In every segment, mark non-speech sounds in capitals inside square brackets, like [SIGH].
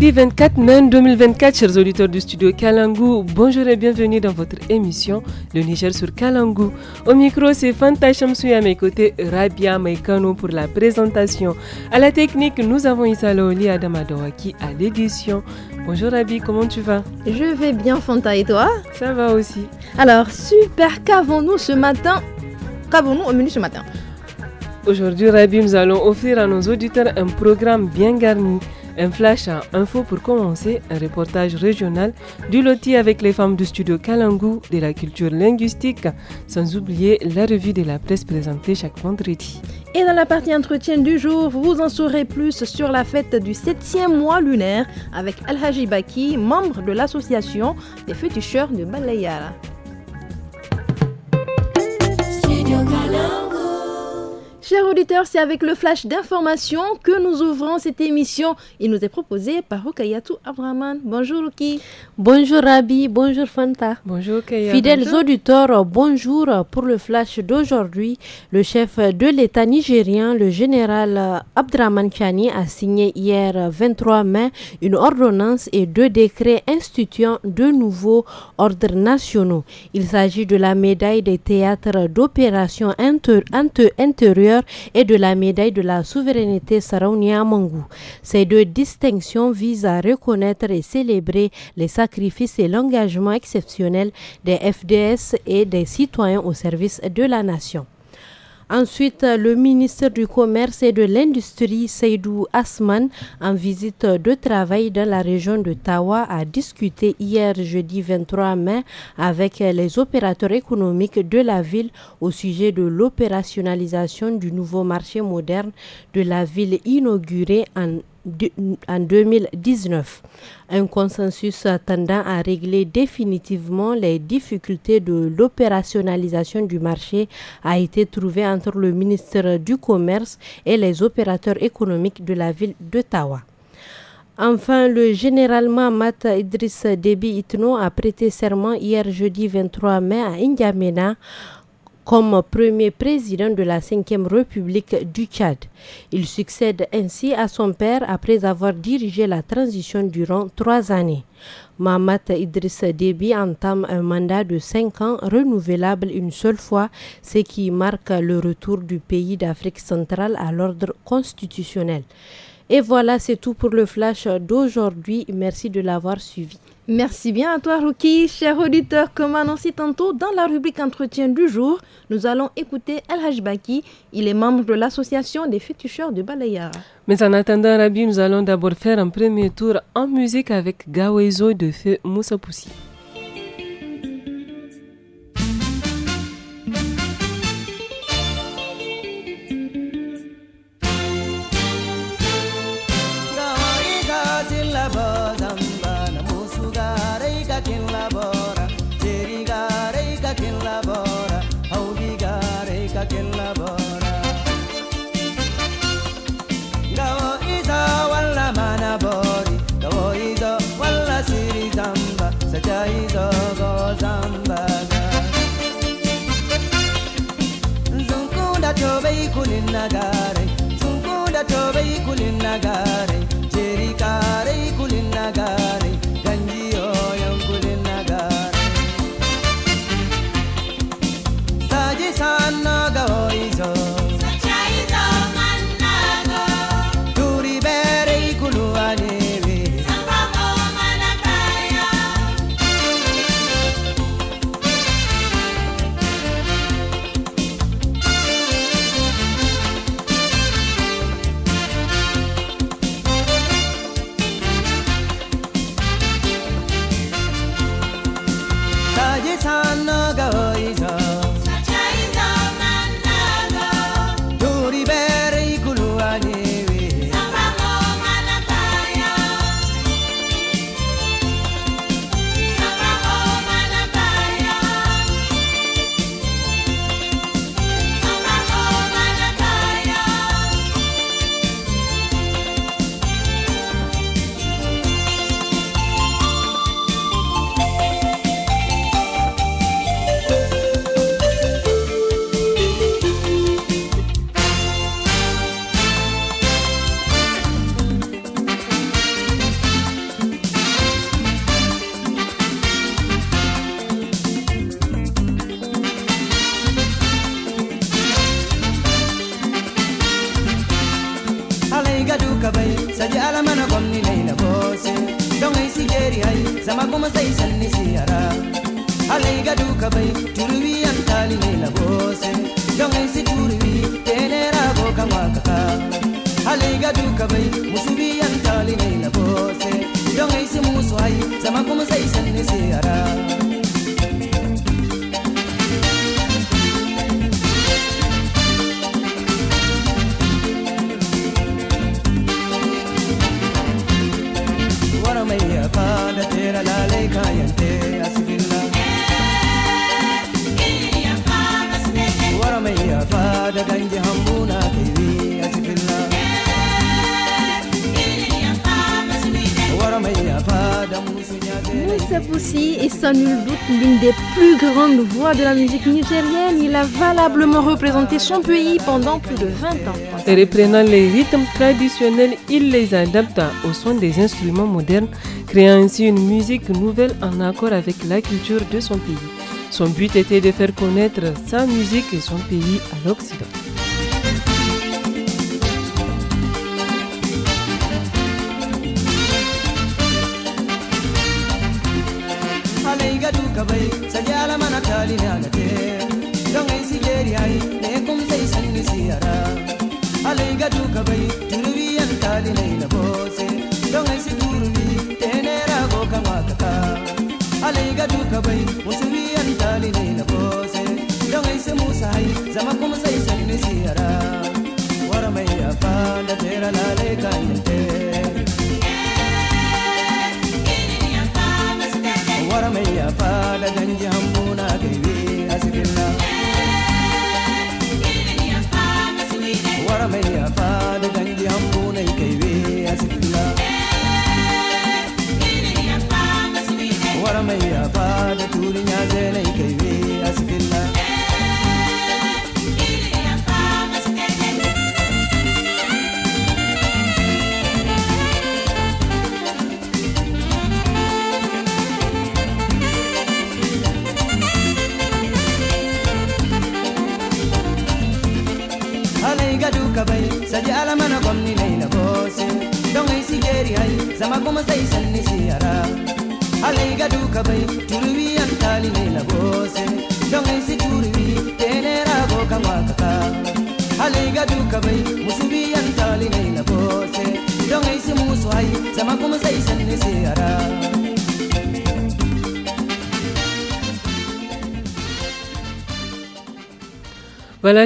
Jeudi 24 mai 2024, chers auditeurs du studio Kalangu, bonjour et bienvenue dans votre émission de Niger sur Kalangu. Au micro, c'est Fanta Chamsuy à mes côtés, Rabia Mekano pour la présentation. À la technique, nous avons Issa Laoli Dawaki à l'édition. Bonjour Rabi, comment tu vas Je vais bien Fanta et toi Ça va aussi. Alors, super, qu'avons-nous ce matin Qu'avons-nous au menu ce matin Aujourd'hui Rabi, nous allons offrir à nos auditeurs un programme bien garni. Un flash à info pour commencer, un reportage régional du loti avec les femmes du studio Kalangu de la culture linguistique, sans oublier la revue de la presse présentée chaque vendredi. Et dans la partie entretien du jour, vous en saurez plus sur la fête du 7e mois lunaire avec al Hajibaki, membre de l'association des féticheurs de Balayara. Chers auditeurs, c'est avec le flash d'information que nous ouvrons cette émission. Il nous est proposé par Rukayatou Abraman. Bonjour Ruki. Bonjour Rabi, bonjour Fanta. Bonjour Kayatou. Fidèles auditeurs, bonjour pour le flash d'aujourd'hui. Le chef de l'État nigérien, le général Abdraman Chani, a signé hier 23 mai une ordonnance et deux décrets instituant de nouveaux ordres nationaux. Il s'agit de la médaille des théâtres d'opération intérieure et de la médaille de la souveraineté Saraunia Mangou. Ces deux distinctions visent à reconnaître et célébrer les sacrifices et l'engagement exceptionnel des FDS et des citoyens au service de la nation. Ensuite, le ministre du Commerce et de l'Industrie, Seydou Asman, en visite de travail dans la région de Tawa, a discuté hier jeudi 23 mai avec les opérateurs économiques de la ville au sujet de l'opérationnalisation du nouveau marché moderne de la ville inaugurée en en 2019, un consensus tendant à régler définitivement les difficultés de l'opérationnalisation du marché a été trouvé entre le ministère du Commerce et les opérateurs économiques de la ville d'Ottawa. Enfin, le général Mahmat Idriss Deby Itno a prêté serment hier jeudi 23 mai à N'Djamena comme premier président de la 5e République du Tchad. Il succède ainsi à son père après avoir dirigé la transition durant trois années. Mahamat Idriss Déby entame un mandat de cinq ans renouvelable une seule fois, ce qui marque le retour du pays d'Afrique centrale à l'ordre constitutionnel. Et voilà, c'est tout pour le flash d'aujourd'hui. Merci de l'avoir suivi. Merci bien à toi, Ruki. Cher auditeur, comme annoncé tantôt dans la rubrique Entretien du jour, nous allons écouter El Hajbaki. Il est membre de l'association des féticheurs de Balayara. Mais en attendant, Rabi, nous allons d'abord faire un premier tour en musique avec Gawezo de Feu Moussa konni leila siara antali tenera musubi antali aussi et sans nul doute l'une des plus grandes voix de la musique nigérienne. Il a valablement représenté son pays pendant plus de 20 ans. Et reprenant les rythmes traditionnels, il les adapta au son des instruments modernes, créant ainsi une musique nouvelle en accord avec la culture de son pays. Son but était de faire connaître sa musique et son pays à l'Occident. kabai saliala mana tali halate don ai sigeri ai ne kum sai sanni siara alai gadu kabai an tali nei na bose don ai sigurubi tenera go kama kaka alai gadu kabai an tali nei na bose don ai se musa zama kum sai sanni siara wara mai afa da tera lalai kan aalamee afaadha danjaamu.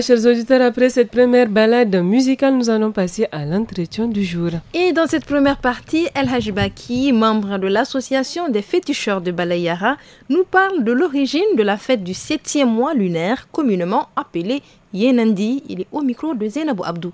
chers auditeurs, après cette première balade musicale, nous allons passer à l'entretien du jour. Et dans cette première partie, El Hajibaki, membre de l'association des féticheurs de Balayara, nous parle de l'origine de la fête du septième mois lunaire, communément appelée Yenandi. Il est au micro de Zainabou Abdou.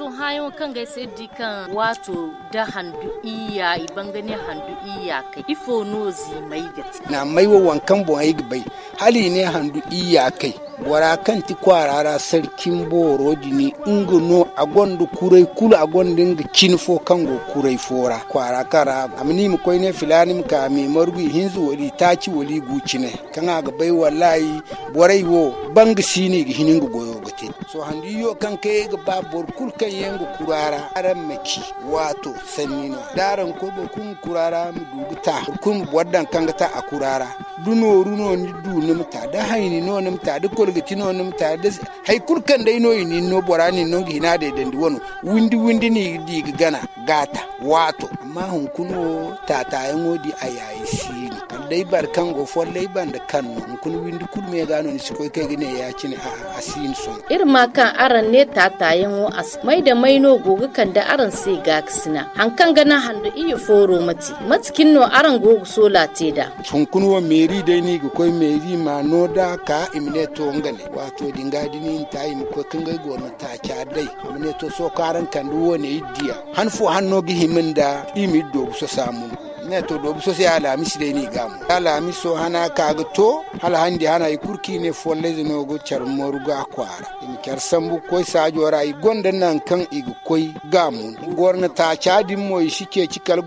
sun hayo kan gai sai dikan wato da handu iya iban gani handu iya kai ifo no zi mai gati na mai wankan bon ai bai hali ne handu iya kai wara kan ti kwarara sarkin boro dini inga no agondu kurai kula agondu ga kinfo kango kurai fora kwara kara amini mu koi ne filani mu ka mi margu hinzu wali taci wali guci ne kan ga bai wallahi borai wo bang sini ga hinin goyo gote so handi yo kan kai ga babor kul kan yengu kurara aran maki wato sannino daran ko ba kun kurara mu duguta kun waddan kangata a kurara duno runo ni du nimta da haini no nimta da kolgati no nimta da hay kurkan dai no ni no borani no gina da dandi wono windi windi ni di gana gata wato amma hun kuno tatayen odi ayayi si dai bar kango follai kan kanno kun windi kulme gano ni sikoy kege ne ya cini a asin so ma kan aran ne ta tatayen wo as mai da maino gogu kan da aran sai ga kisna hankan gana handu iyo foro mati matkin no aran gogo sola te da sun kun wo meri dai ni ko meri ma no da ka imne to ngane wato dinga dinin tayi mu ko kinga go no ta dai amne to so karan kan duwo ne idiya han hanno gi himin da imi do so samu ne to do so se ala mi ni gam ala mi so hana ka to hala handi hana i kurki ne folle no go char ga kwara in kyar sambu ko sa jora i gonda nan kan i koi gamu gorna ta chadin moy shike cikal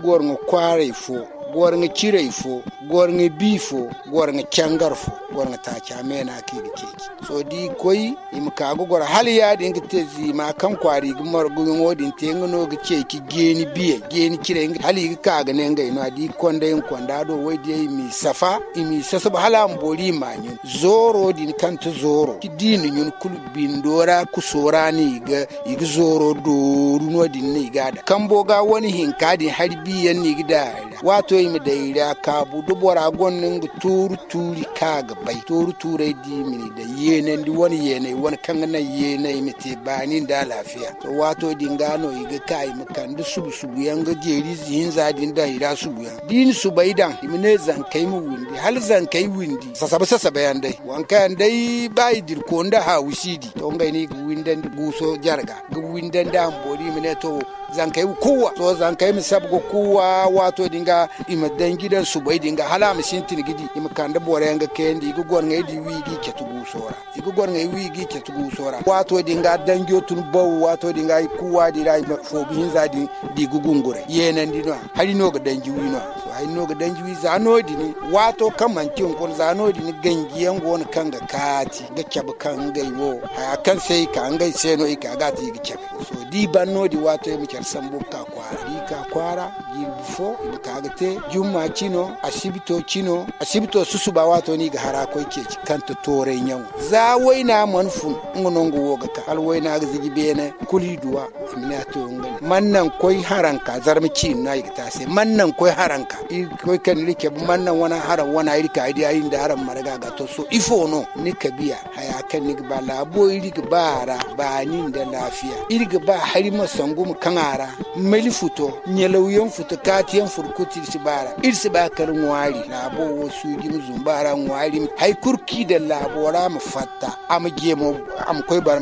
kwara i fo gorngi cirei fo gorngi bi fo gorngi cangar fo gorngi mena camena kigi keki so di koi im go gora hal ya din gite zi ma kan kwari gumar gungo din tengo no che ki geni biye geni ngi hali gi ga ne ngai no di konde en konda do we di mi safa imi sasa ba hala mboli ni zoro din kanta zoro ki din nyun kul bindora kusora ni ga igi zoro do runo din ni ga da kambo ga wani hinkadin har biyan ni da wato goy mi dayri a kaabu da bora gonnin ga turu turi ka ga bai turu turai di mini da yene di wani yene wani kan na yene mi te bani da lafiya to wato dingano ga kai mi kan da subu subu yan ga jeri zin za din da ira subu ya din su bai dan mi ne zan kai mu windi hal zan kai windi sasabe sasabe yan dai wanka yan dai bai dir ko nda ha wisi di to ngai ni gu windan guso jarga gu windan da ambori ne to zankai kuwa so zankai mi sabgo kuwa wato dinga ima dangidan subai dinga hala mi sintin gidi ima kanda bore nga kendi igu gon ngai di wigi ketugu sora igu gon ngai wigi ketugu sora wato dinga dangio tun bawu wato dinga kuwa dira fo bihin zadi di gugungure yenen dino hari no ga dangi wino hayno ga danjwi zano ne wato kamantin kun zano ne gangiyan ne kan ga kati ga kyab kan gaiwo wo kan sai ka an ga seno ika ga ti ga kyab so di banno di wato mi kyar sambu ka kwara ka kwara gilbufo kagate juma chino asibito chino asibito susu ba wato ni ga hara koi ke kanta tore nyau za waina manfun ngonongo woga ka al waina ga zigi bene kuli duwa imina to ngani mannan koi haranka zarmi chi na ga ta se mannan koi haranka i koi kan like mannan wana haran wana iri ka idi ayin da haran maraga ga to so ifo no ni kabiya haya kan ni ba labo iri ga bara ba nin da lafiya iri ga ba harima masangu mu kanara melifuto nyalawiyon katiyan furkuti sibara ir siba kar ngwari na bo wasu gim zumbara ngwari Haikurki kurki da labora mu fatta am gemo am koy bar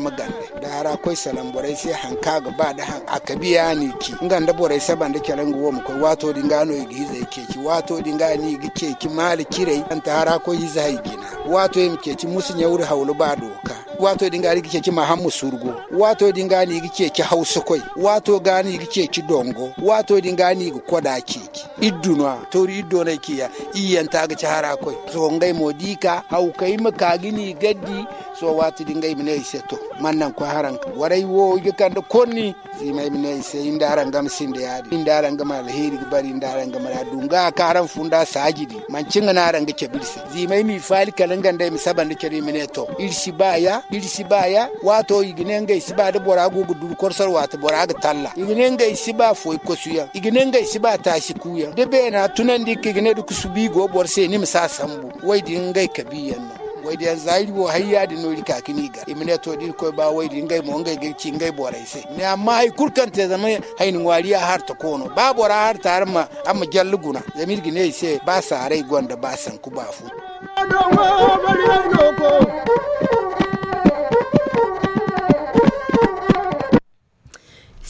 da ara koy salam borai sai hanka ga ba da han akabiya ni ki nganda borai saban da kiran go mu koy wato dinga no giza zai ki wato dinga ni igi ki mali kirei an tara koy zai gina wato yim keki musu nyauri haulu ba doka wato dinga rigi ki mahammu surgo wato dinga ni rigi ki hausa koi wato gani rigi ki dongo wato dinga ni rigi koda keki idduna tori ke ya iyan ta ga hara koi so ngai modika haukai maka gini gaddi so wato dinga imne iseto mannan ko haran warai wo yikanda konni zimai imne ise indaran gam da yadi indaran gam alheri bari indaran gam dunga karan funda sajidi mancin na ran ga kebirse zimai mi fali kalangan dai mi saban da kere ne to irsi baya dirsiba ya wato iginenga isiba da bora gugu durkorsar wata bora ga talla iginenga isiba foi kosuya iginenga isiba ta shi kuya da bena tunan dikki gine duk su bi go borse ni misa sambu wai dingai kabiyan wayde yan zairi wo hayyade nori kakini ga imine to dir koy ba wayde ngay mo ngay gir ci ngay boray se ne amma hay kurkante zama hay ni wariya harta kono ba bora harta harma amma jalluguna zamir ne. se ba sarai gonda ba san ku ba fu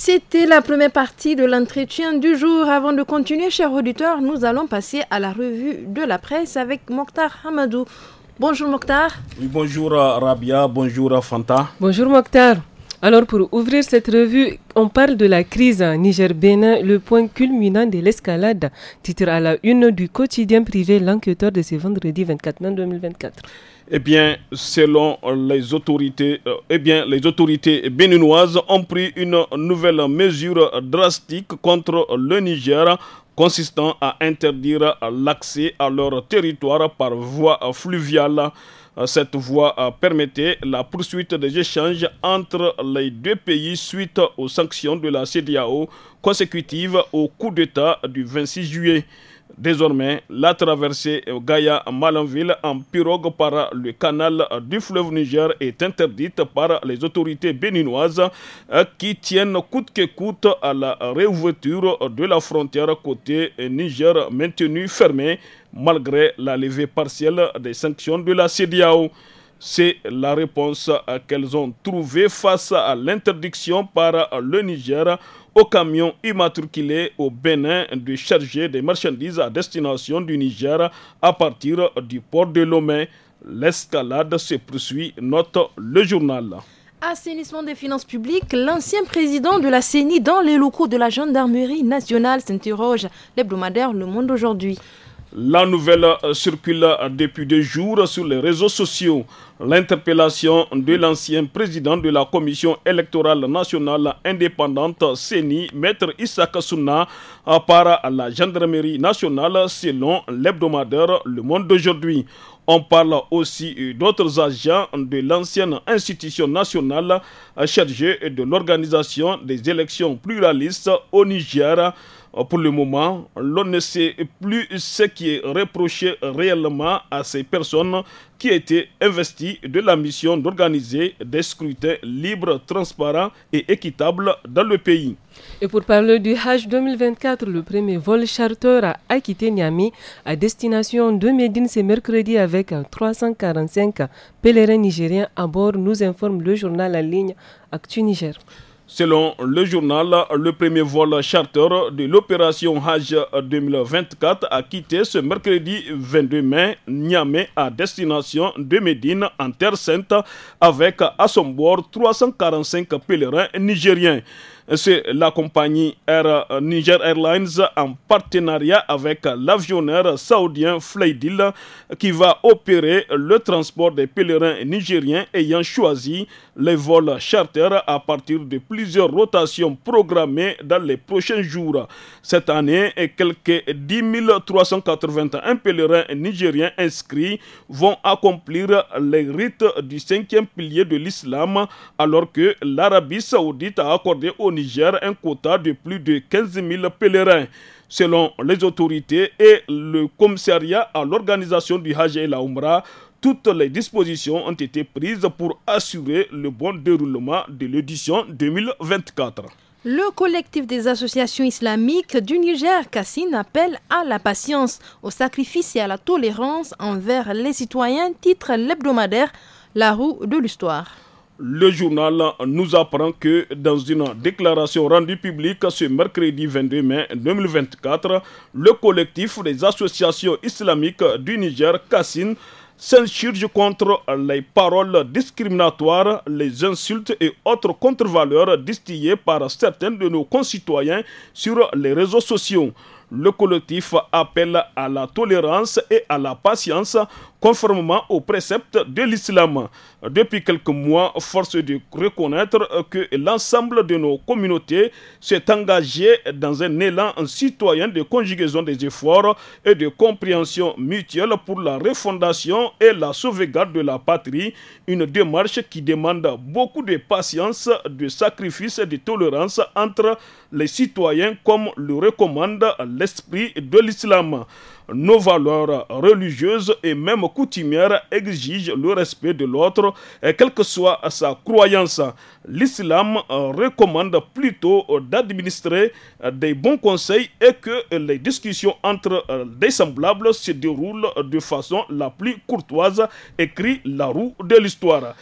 C'était la première partie de l'entretien du jour. Avant de continuer, chers auditeurs, nous allons passer à la revue de la presse avec Mokhtar Hamadou. Bonjour Mokhtar. Oui, bonjour euh, Rabia, bonjour euh, Fanta. Bonjour Mokhtar. Alors pour ouvrir cette revue, on parle de la crise Niger-Bénin, le point culminant de l'escalade, titre à la une du quotidien privé L'enquêteur de ce vendredi 24 mai 2024. Eh bien, selon les autorités, eh bien, les autorités béninoises ont pris une nouvelle mesure drastique contre le Niger consistant à interdire l'accès à leur territoire par voie fluviale. Cette voie permettait la poursuite des échanges entre les deux pays suite aux sanctions de la CDAO consécutives au coup d'État du 26 juillet. Désormais, la traversée Gaïa-Malanville en pirogue par le canal du fleuve Niger est interdite par les autorités béninoises euh, qui tiennent coûte que coûte à la réouverture de la frontière côté Niger maintenue fermée malgré la levée partielle des sanctions de la CEDEAO. C'est la réponse euh, qu'elles ont trouvée face à l'interdiction par le Niger au camion immatriculé au Bénin de charger des marchandises à destination du Niger à partir du port de Lomé. L'escalade se poursuit, note le journal. Assainissement des finances publiques, l'ancien président de la CENI dans les locaux de la gendarmerie nationale s'interroge l'hebdomadaire Le Monde aujourd'hui. La nouvelle euh, circule euh, depuis deux jours sur les réseaux sociaux. L'interpellation de l'ancien président de la Commission électorale nationale indépendante CENI, Maître Issa apparaît euh, à la gendarmerie nationale selon l'hebdomadaire Le Monde d'aujourd'hui. On parle aussi d'autres agents de l'ancienne institution nationale chargée de l'organisation des élections pluralistes au Niger pour le moment, l'on ne sait plus ce qui est reproché réellement à ces personnes qui étaient investies de la mission d'organiser des scrutins libres, transparents et équitables dans le pays. Et pour parler du h 2024, le premier vol charter a quitté Niamey à destination de Médine ce mercredi avec 345 pèlerins nigériens à bord, nous informe le journal en ligne Actu Niger. Selon le journal, le premier vol charter de l'opération Hajj 2024 a quitté ce mercredi 22 mai Niamey à destination de Médine en Terre Sainte avec à son bord 345 pèlerins nigériens. C'est la compagnie Air euh, Niger Airlines en partenariat avec l'avionneur saoudien Flydil qui va opérer le transport des pèlerins nigériens ayant choisi les vols charter à partir de plusieurs rotations programmées dans les prochains jours. Cette année, quelques 10 381 pèlerins nigériens inscrits vont accomplir les rites du cinquième pilier de l'islam alors que l'Arabie saoudite a accordé au Niger un quota de plus de 15 000 pèlerins. Selon les autorités et le commissariat à l'organisation du Hajj et la toutes les dispositions ont été prises pour assurer le bon déroulement de l'édition 2024. Le collectif des associations islamiques du Niger, Cassine, appelle à la patience, au sacrifice et à la tolérance envers les citoyens, titre l'hebdomadaire La roue de l'histoire le journal nous apprend que dans une déclaration rendue publique ce mercredi 22 mai 2024, le collectif des associations islamiques du Niger, Kassin, s'insurge contre les paroles discriminatoires, les insultes et autres contre-valeurs distillées par certains de nos concitoyens sur les réseaux sociaux. Le collectif appelle à la tolérance et à la patience conformément aux préceptes de l'islam. Depuis quelques mois, force de reconnaître que l'ensemble de nos communautés s'est engagé dans un élan citoyen de conjugaison des efforts et de compréhension mutuelle pour la refondation et la sauvegarde de la patrie, une démarche qui demande beaucoup de patience, de sacrifice et de tolérance entre les citoyens comme le recommande l'esprit de l'islam. Nos valeurs religieuses et même coutumières exigent le respect de l'autre, euh, quelle que soit sa croyance. L'islam euh, recommande plutôt euh, d'administrer des bons conseils et que les discussions entre des semblables se déroulent de façon la plus courtoise, écrit la roue de l'histoire.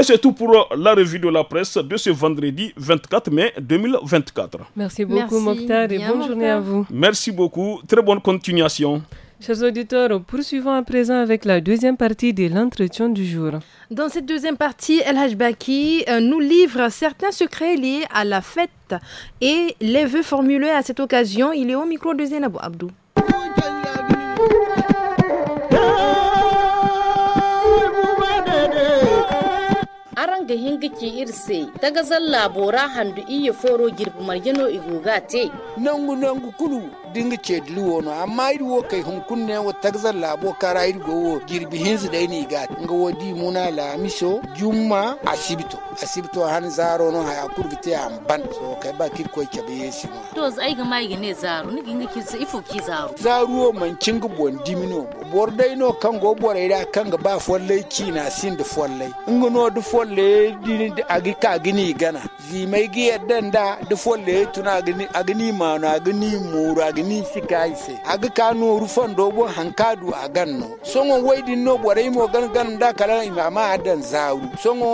Et c'est tout pour la revue de la presse de ce vendredi 24 mai 2024. Merci beaucoup, Mokhtar, et bonne journée à vous. Merci beaucoup. Très bonne continuation. Chers auditeurs, poursuivons à présent avec la deuxième partie de l'entretien du jour. Dans cette deuxième partie, El Hajbaki euh, nous livre certains secrets liés à la fête et les vœux formulés à cette occasion. Il est au micro de Zainabou Abdou. da hingiki irse ta gazan labora handu iya foro girbi margino igogate nangu nangu kulu dinga ce diluwo no amma idi kai hunkun ne wa tagzar labo kara yi go wo girbi hinzi dai ni ga nga wa di muna la miso juma asibito asibito han zaro no haya kurgite am ban so kai ba kir ko ke be yesi no to zai ga mai ne zaro ni ginga ki ifo ki zaro zaro man cinga bon dimino bor dai no kan go borai da kan ga ba folle ki na sin da folle nga no du folle di agi ka gini gana zi mai gi danda da du folle tuna agini agini ma na agini mura gini si kaise aga kanu rufan dobo hankadu a ganno songo waidi no borai mo gan gan da kala imama adan zawu songo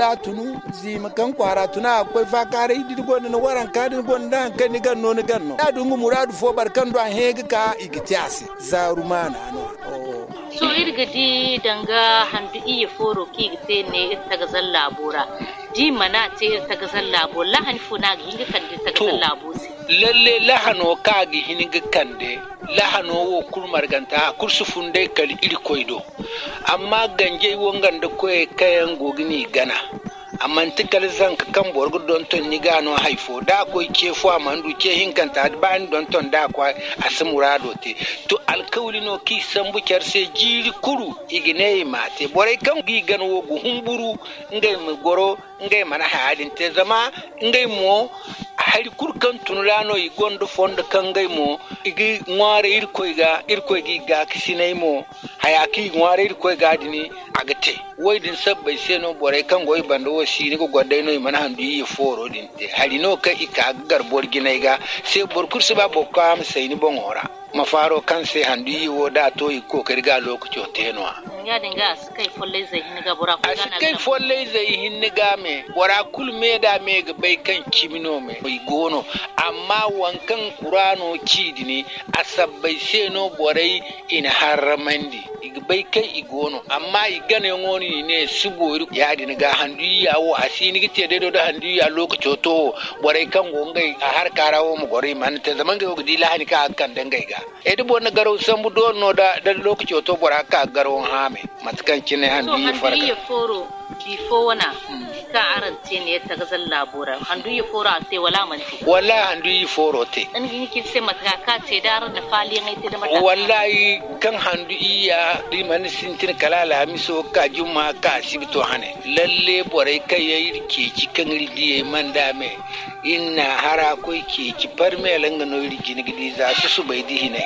da tunu zi makan kwara tuna akwai fakare idi gon na waran kadin gon da kan ni ganno ni ganno da dungu muradu fo barkan do an hege ka igitiase na. mana no so irgidi danga handi iya foro ki gite ne ita ga zalla bora ji mana te ta gasan labo lahan funa hinga kande ta gasan labo si lalle lahano kaagi hinga kande lahano wo kurmar ganta kursu funde kal iri koydo amma ganje wonganda koye kayan gogini gana zan ka kan borgo don ton ni gano haifo da ko ke fo amandu ke hinkanta ban don ton da ko murado te to alkawli no ki san kyar se jiri kuru igine mate borai kan gi gan wo humburu ngai mu goro ngai mana halin te zama ngai mo hari kurkan tunulano i gondo fonda kangai mo igi ga irkoiga irkoigi ga kisinai mo hayaki ngware irkoi gadini agate wai din sabbai seno bore kan goyi bando wo sini ko godai no imana handu yi foro din te hari no ka ika garborginai ga sai borkursu ba bokam sai ni bongora mafaro kan se handu wo da to i kokari lokacin lokaci o tenwa ngadin ga sikai folle zai hin ga folle zai hin ga me wara kul me da me ga bai kan kimino me bai gono amma wankan ne a sabbai seno borai ina harramandi bai kai igono amma igane ngoni ne sibori ya dini ga handu si ni gite dedo da handu ya lokaci to borai kan gongai a har karawo mu gore man ta zaman ga gudi lahani ka kan dangai ga edi bonna garaw sambu do no da da lokaci to bora ka garaw hame matkan cine han bi farka bifo wana ka aran te ne ta gazan labura handu yi foro a te wala manti wallahi handu yi foro te in yi ki se mataka ka ce da aran da fali ngai te da mataka wallahi kan handu iya di man sintin kala la miso ka juma ka sibito hane lalle borai ka yayi ke ci kan ridiye man da me inna hara ko ke ci farme langa no rigini gidi za su su bai ne.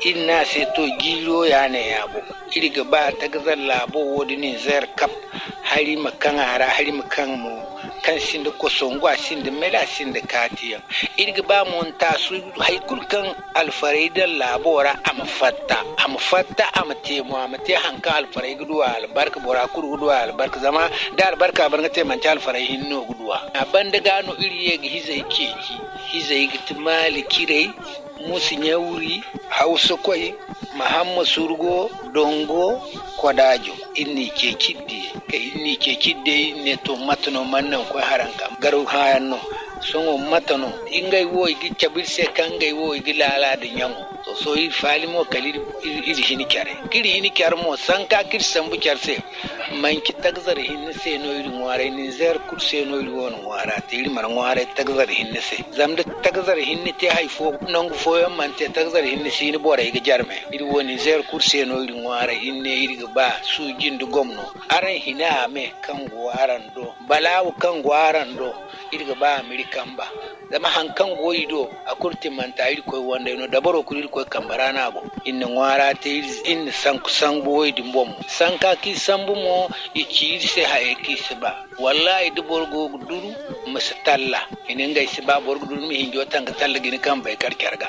inna seto gilo ya bu iriga ba ta gazar labo wodi ne zayar kap hari makan ara hari makan mu kan shin da kosongo a sin da mela shin da katiya iriga ba mun ta su haikul kan alfaraidan labora am fatta am fatta am temo am te hanka alfarai guduwa albarka bora kuru guduwa albarka zama da albarka bar ga te man alfarai hinno guduwa abanda gano iriye ya gihiza yake ki hizeigiti mali musu musi nyawri hausa kwai muhammad surgo dongo kwadajo inni ke kidde ka inni ke kidde ne to matano mannan ko haranka garu hayanno songo matano ingai wo igi cabirse kangai wo igi da nyango so i fali mo kalir iri hini kyare kiri hini kyar mo sanka kir sambu kyar se man ki tagzar hinne se no iri ngware ni zer kur se no iri won ngwara te iri mar ngware tagzar hinne se zamde tagzar hinne te hay fo nongu fo yam man te tagzar hinne se ni bora igi jarme iri woni zer kur se no iri ngware inne iri ga ba su jindu gomno aran hina me kango aran do balawu kango aran do iri ga ba amerikan ba zama hankan goyi do akurti manta iri koy wanda no dabaro kurir ko koi kambara na go inna ngwara te inna sanku sangu wo idimbo mu sanka ki sambu mo ichi se ha ekise ba wallahi du borgo duru musu talla ina ga shi ba borgo duru mi hinjo tanga talla gini kan bai karkarga ga.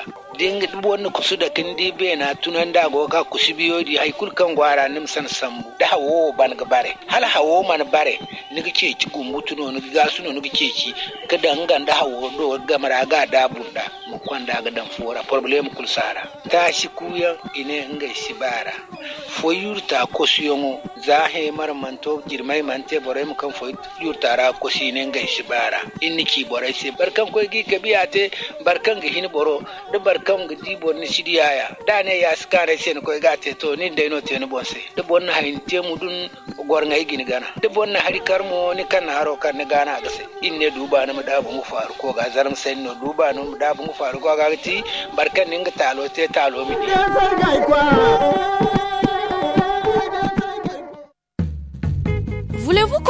du wani kusu da kindi be na tunan da go ka kusu biyo di hay kul kan gwara nim san sambu da hawo ban ga bare hal hawo man bare ni ga ce ci gumu tuno ni ga suno ni ga ce ci ka danga da hawo do ga mara ga da bunda mu da ga dan fora problem kul sara ta shi kuya ina nga shi bara foyur ta kosu yongo za mar man girmai mante bore mu kan foyur yurtara kosinen ga shibara inni ki bore se barkan ko gi ka te barkan ga hin boro da barkan ga di bor ni ya. da ne ya skare sen ko ga te to ni dai no te ni bonse da bon na hin te dun gor ngai gini gana da bon na hari mo ni kan haro kan ni gana ga se ne duba na mu da bu mu faru ko ga zaram sen no duba na mu da bu mu faru ko ga ti barkan ni ga talo te talo mi ya kwa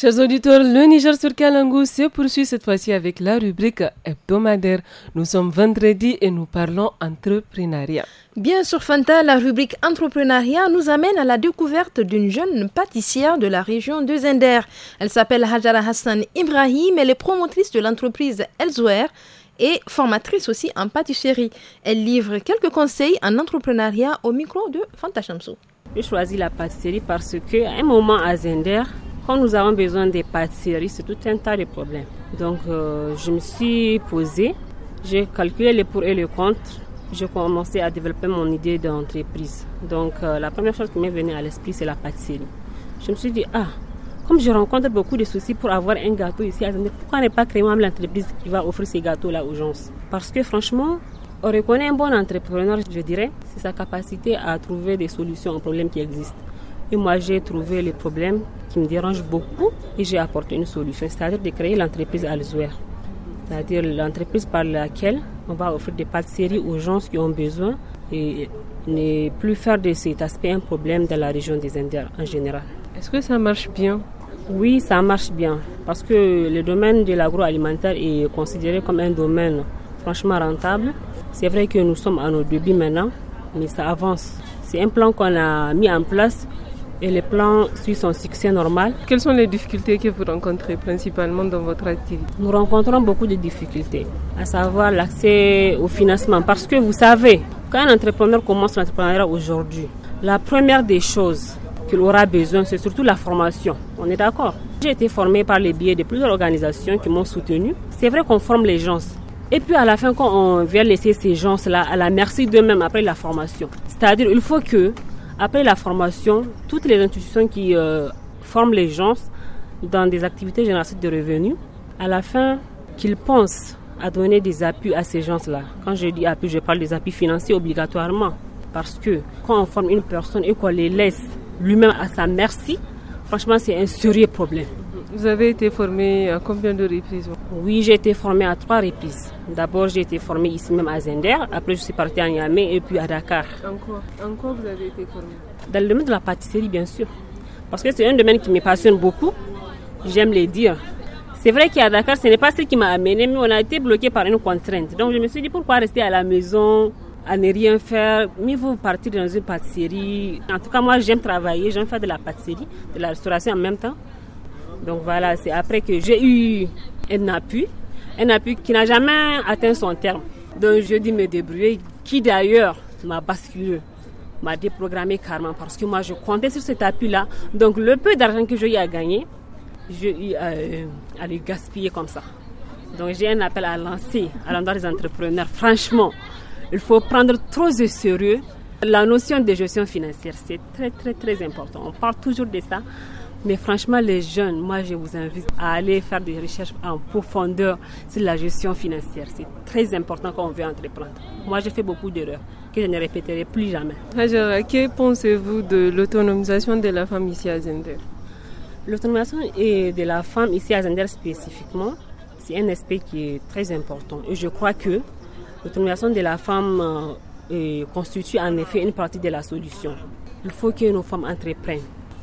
Chers auditeurs, le Niger sur Kalangu se poursuit cette fois-ci avec la rubrique hebdomadaire. Nous sommes vendredi et nous parlons entrepreneuriat. Bien sûr, Fanta, la rubrique entrepreneuriat nous amène à la découverte d'une jeune pâtissière de la région de Zender. Elle s'appelle Hajara Hassan Ibrahim, elle est promotrice de l'entreprise Elsewhere et formatrice aussi en pâtisserie. Elle livre quelques conseils en entrepreneuriat au micro de Fanta Chamsou. J'ai choisi la pâtisserie parce qu'à un moment à Zender, quand nous avons besoin des pâtisseries, c'est tout un tas de problèmes. Donc, euh, je me suis posée, j'ai calculé les pour et les contre. J'ai commencé à développer mon idée d'entreprise. Donc, euh, la première chose qui m'est venue à l'esprit, c'est la pâtisserie. Je me suis dit, ah, comme je rencontre beaucoup de soucis pour avoir un gâteau ici pourquoi ne pas créer moi l'entreprise qui va offrir ces gâteaux-là aux gens Parce que franchement, on reconnaît un bon entrepreneur, je dirais, c'est sa capacité à trouver des solutions aux problèmes qui existent. Et moi, j'ai trouvé les problèmes qui me dérangent beaucoup et j'ai apporté une solution, c'est-à-dire de créer l'entreprise Alzouer. C'est-à-dire l'entreprise par laquelle on va offrir des pâtisseries séries aux gens qui ont besoin et ne plus faire de cet aspect un problème dans la région des Indiens en général. Est-ce que ça marche bien Oui, ça marche bien parce que le domaine de l'agroalimentaire est considéré comme un domaine franchement rentable. C'est vrai que nous sommes à nos débuts maintenant, mais ça avance. C'est un plan qu'on a mis en place et le plan suit son succès normal. Quelles sont les difficultés que vous rencontrez principalement dans votre activité Nous rencontrons beaucoup de difficultés, à savoir l'accès au financement. Parce que vous savez, quand un entrepreneur commence l'entrepreneuriat aujourd'hui, la première des choses qu'il aura besoin, c'est surtout la formation. On est d'accord J'ai été formé par les biais de plusieurs organisations qui m'ont soutenu. C'est vrai qu'on forme les gens. Et puis à la fin, quand on vient laisser ces gens-là à la merci d'eux-mêmes après la formation. C'est-à-dire, il faut que après la formation, toutes les institutions qui euh, forment les gens dans des activités génératrices de revenus, à la fin, qu'ils pensent à donner des appuis à ces gens-là. Quand je dis appui, je parle des appuis financiers obligatoirement. Parce que quand on forme une personne et qu'on les laisse lui-même à sa merci, franchement, c'est un sérieux problème. Vous avez été formé à combien de reprises Oui, j'ai été formé à trois reprises. D'abord, j'ai été formé ici même à Zender, après je suis partie à Niamey et puis à Dakar. Encore Encore vous avez été formé Dans le domaine de la pâtisserie, bien sûr. Parce que c'est un domaine qui me passionne beaucoup. J'aime les dire. C'est vrai qu'à Dakar, ce n'est pas ce qui m'a amené, mais on a été bloqué par une contrainte. Donc je me suis dit pourquoi rester à la maison à ne rien faire, mais vous partir dans une pâtisserie. En tout cas, moi, j'aime travailler, j'aime faire de la pâtisserie, de la restauration en même temps. Donc voilà, c'est après que j'ai eu un appui, un appui qui n'a jamais atteint son terme. Donc je dis me débrouiller, qui d'ailleurs m'a basculé, m'a déprogrammé carrément parce que moi je comptais sur cet appui-là. Donc le peu d'argent que j'ai eu à gagner, j'ai eu à euh, le gaspiller comme ça. Donc j'ai un appel à lancer à l'endroit des entrepreneurs. Franchement, il faut prendre trop de sérieux la notion de gestion financière. C'est très très très important. On parle toujours de ça. Mais franchement, les jeunes, moi, je vous invite à aller faire des recherches en profondeur sur la gestion financière. C'est très important quand on veut entreprendre. Moi, j'ai fait beaucoup d'erreurs que je ne répéterai plus jamais. Ah, que pensez-vous de l'autonomisation de la femme ici à Zender L'autonomisation de la femme ici à Zender spécifiquement, c'est un aspect qui est très important. Et je crois que l'autonomisation de la femme euh, constitue en effet une partie de la solution. Il faut que nos femmes entreprennent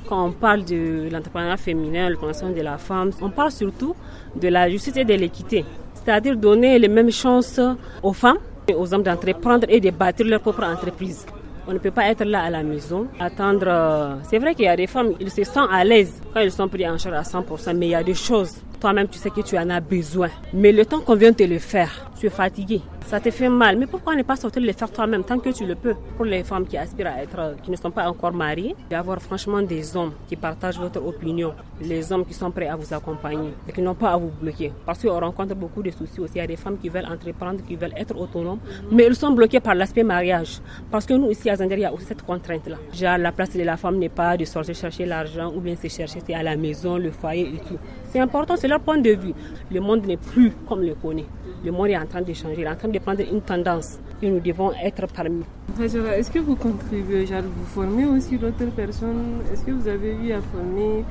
quand on parle de l'entrepreneuriat féminin, le de la femme, on parle surtout de la justice et de l'équité, c'est-à-dire donner les mêmes chances aux femmes et aux hommes d'entreprendre et de bâtir leur propre entreprise. On ne peut pas être là à la maison, attendre. Euh, c'est vrai qu'il y a des femmes, ils se sentent à l'aise quand ils sont pris en charge à 100%, mais il y a des choses. Toi-même, tu sais que tu en as besoin. Mais le temps qu'on vient de le faire, fatigué, ça te fait mal. Mais pourquoi ne pas sortir le faire toi-même tant que tu le peux Pour les femmes qui aspirent à être, qui ne sont pas encore mariées, d'avoir franchement des hommes qui partagent votre opinion, les hommes qui sont prêts à vous accompagner et qui n'ont pas à vous bloquer. Parce qu'on rencontre beaucoup de soucis aussi. Il y a des femmes qui veulent entreprendre, qui veulent être autonomes, mais elles sont bloquées par l'aspect mariage. Parce que nous, ici à Zander, il y a aussi cette contrainte-là. Genre, la place de la femme n'est pas de sortir chercher l'argent ou bien se chercher à la maison, le foyer et tout. C'est important, c'est leur point de vue. Le monde n'est plus comme le connaît. Le monde est en train de changer, en train de prendre une tendance et nous devons être parmi. Est-ce que vous contribuez, genre vous formez aussi d'autres personnes Est-ce que vous avez eu à former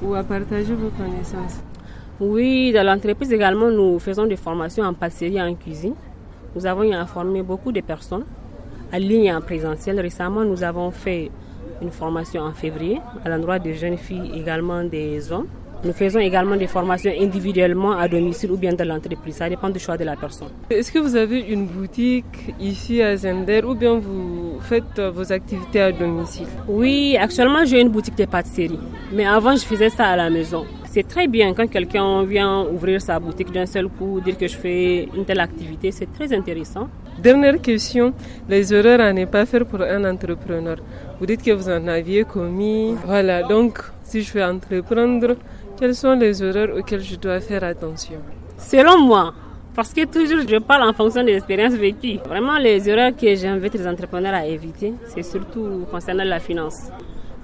ou à partager vos connaissances Oui, dans l'entreprise également, nous faisons des formations en pâtisserie et en cuisine. Nous avons eu former beaucoup de personnes en ligne et en présentiel. Récemment, nous avons fait une formation en février à l'endroit des jeunes filles, également des hommes. Nous faisons également des formations individuellement à domicile ou bien dans l'entreprise. Ça dépend du choix de la personne. Est-ce que vous avez une boutique ici à Zender ou bien vous faites euh, vos activités à domicile Oui, actuellement j'ai une boutique de pâtisserie. Mais avant, je faisais ça à la maison. C'est très bien quand quelqu'un vient ouvrir sa boutique d'un seul coup, dire que je fais une telle activité. C'est très intéressant. Dernière question, les erreurs à ne pas faire pour un entrepreneur. Vous dites que vous en aviez commis. Voilà, donc si je veux entreprendre, quelles sont les erreurs auxquelles je dois faire attention Selon moi, parce que toujours je parle en fonction de l'expérience vécue. Vraiment, les erreurs que j'invite les entrepreneurs à éviter, c'est surtout concernant la finance.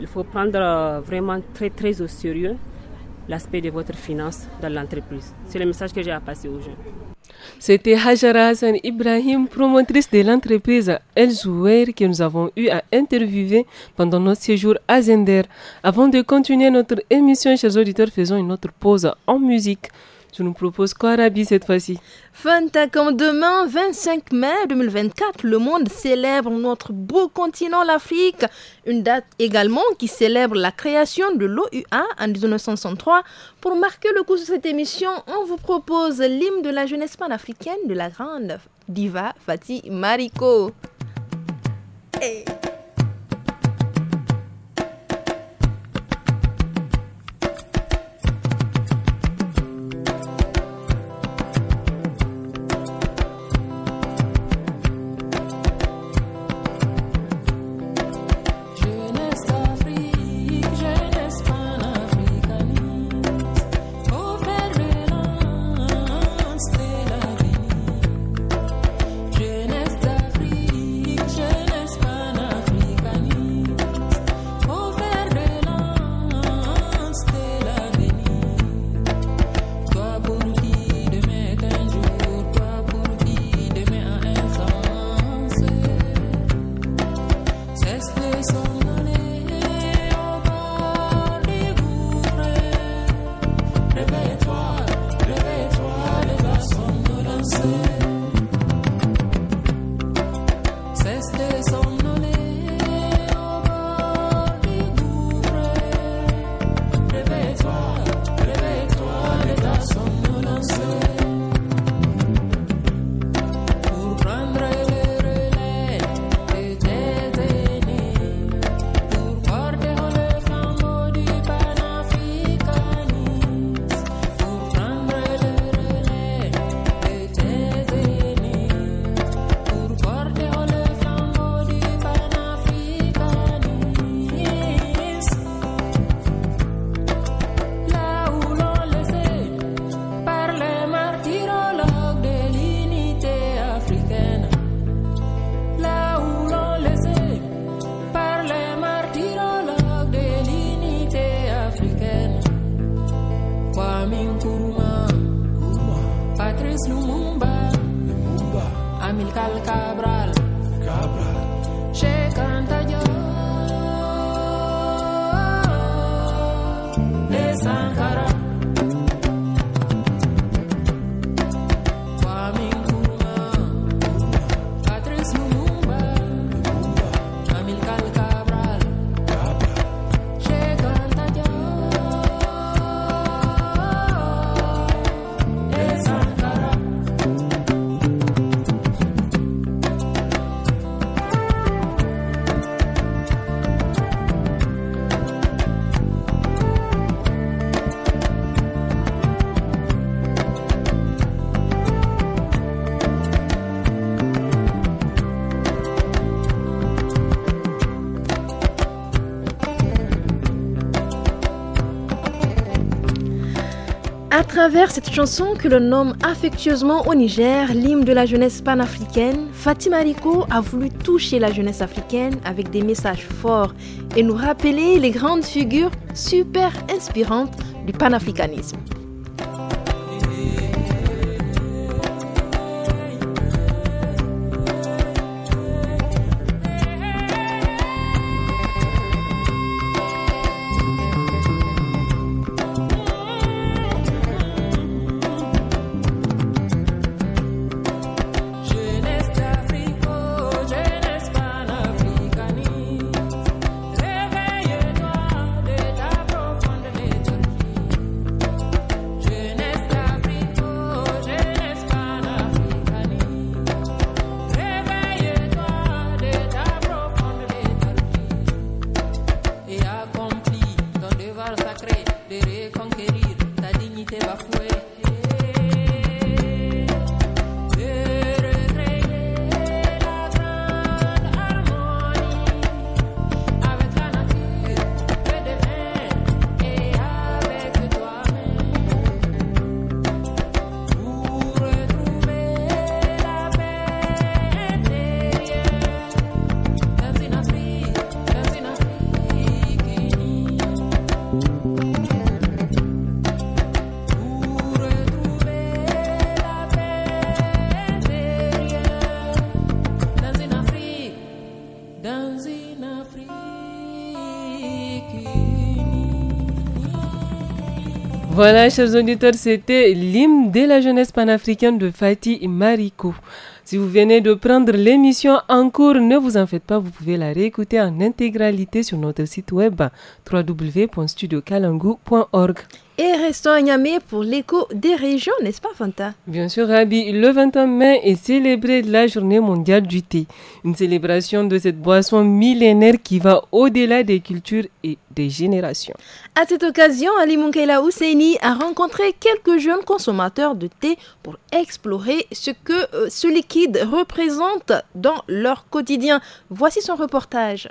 Il faut prendre euh, vraiment très très au sérieux l'aspect de votre finance dans l'entreprise. C'est le message que j'ai à passer aux jeunes. C'était Hajara Hassan Ibrahim, promotrice de l'entreprise El Zouer que nous avons eu à interviewer pendant notre séjour à Zender. Avant de continuer notre émission, chers auditeurs, faisons une autre pause en musique. Tu nous proposes quoi, Rabi, cette fois-ci Fanta, comme demain, 25 mai 2024, le monde célèbre notre beau continent, l'Afrique. Une date également qui célèbre la création de l'OUA en 1963. Pour marquer le coup de cette émission, on vous propose l'hymne de la jeunesse panafricaine de la grande diva Fatih Mariko. travers cette chanson que l'on nomme affectueusement au Niger l'hymne de la jeunesse panafricaine, Fatima Rico a voulu toucher la jeunesse africaine avec des messages forts et nous rappeler les grandes figures super inspirantes du panafricanisme. Voilà, chers auditeurs, c'était l'hymne de la jeunesse panafricaine de Fatih Mariko. Si vous venez de prendre l'émission en cours, ne vous en faites pas, vous pouvez la réécouter en intégralité sur notre site web www.studiocalangou.org. Et restons à Niamey pour l'écho des régions, n'est-ce pas Fanta Bien sûr Rabi, le 21 mai est célébré la journée mondiale du thé, une célébration de cette boisson millénaire qui va au-delà des cultures et des générations. À cette occasion, Ali Munkela Ousseini a rencontré quelques jeunes consommateurs de thé pour explorer ce que euh, ce liquide représente dans leur quotidien. Voici son reportage.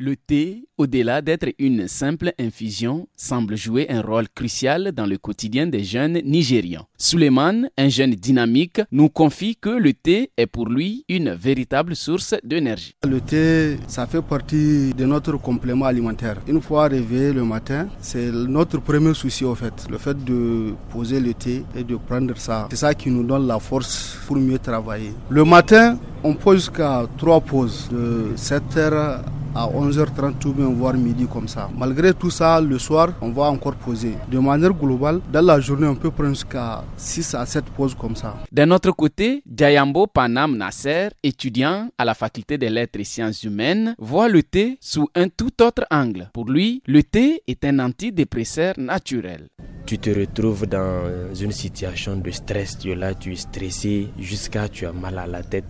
Le thé, au-delà d'être une simple infusion, semble jouer un rôle crucial dans le quotidien des jeunes nigérians. Suleiman, un jeune dynamique, nous confie que le thé est pour lui une véritable source d'énergie. Le thé, ça fait partie de notre complément alimentaire. Une fois réveillé le matin, c'est notre premier souci au fait. Le fait de poser le thé et de prendre ça, c'est ça qui nous donne la force pour mieux travailler. Le matin, on pose jusqu'à trois pauses, de 7h à 11h30 ou bien voire midi comme ça. Malgré tout ça, le soir, on va encore poser. De manière globale, dans la journée, on peut prendre jusqu'à 6 à 7 pauses comme ça. D'un autre côté, Djayambo Panam Nasser, étudiant à la faculté des lettres et sciences humaines, voit le thé sous un tout autre angle. Pour lui, le thé est un antidépresseur naturel. Tu te retrouves dans une situation de stress, tu là, tu es stressé, jusqu'à tu as mal à la tête.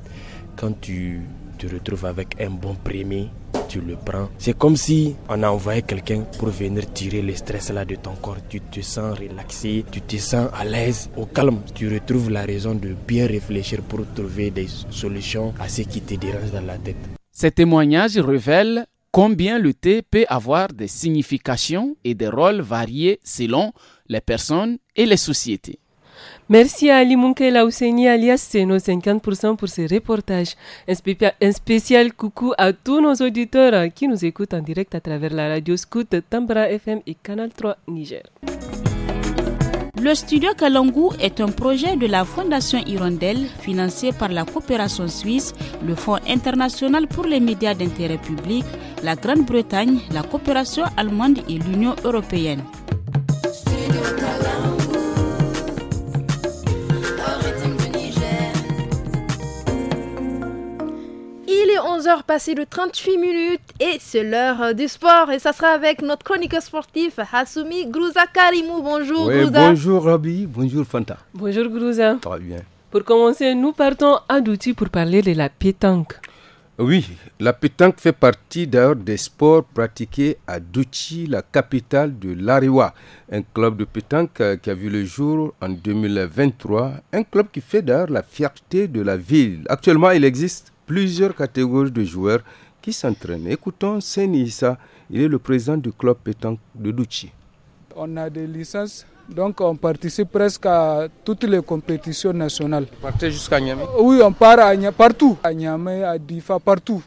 Quand tu te retrouves avec un bon premier, tu le prends. C'est comme si on a envoyé quelqu'un pour venir tirer le stress là de ton corps. Tu te sens relaxé, tu te sens à l'aise, au calme. Tu retrouves la raison de bien réfléchir pour trouver des solutions à ce qui te dérange dans la tête. Ces témoignages révèlent combien le thé peut avoir des significations et des rôles variés selon les personnes et les sociétés. Merci à Ali Munkela Ouseni alias Seno 50% pour ce reportage. Un, spécial, coucou à tous nos auditeurs euh, qui nous écoutent en direct à travers la radio Scout, Tambra FM et Canal 3 Niger. Le studio Kalangu est un projet de la Fondation Hirondelle financé par la coopération suisse, le Fonds international pour les médias d'intérêt public, la Grande-Bretagne, la coopération allemande et l'Union européenne. Il est 11h passé de 38 minutes et c'est l'heure du sport. Et ça sera avec notre chroniqueur sportif Hassoumi Grouza Karimou. Bonjour Bonjour Rabi, bonjour Fanta. Bonjour Grouza. Très bien. Pour commencer, nous partons à Douti pour parler de la pétanque. Oui, la pétanque fait partie d'ailleurs des sports pratiqués à Douchi, la capitale de l'Ariwa, un club de pétanque euh, qui a vu le jour en 2023, un club qui fait d'ailleurs la fierté de la ville. Actuellement, il existe plusieurs catégories de joueurs qui s'entraînent. Écoutons Seni il est le président du club pétanque de Douchi. On a des licences, donc on participe presque à toutes les compétitions nationales. Vous partez jusqu'à Niamey Oui, on part à partout, à Niamey, à Difa, partout.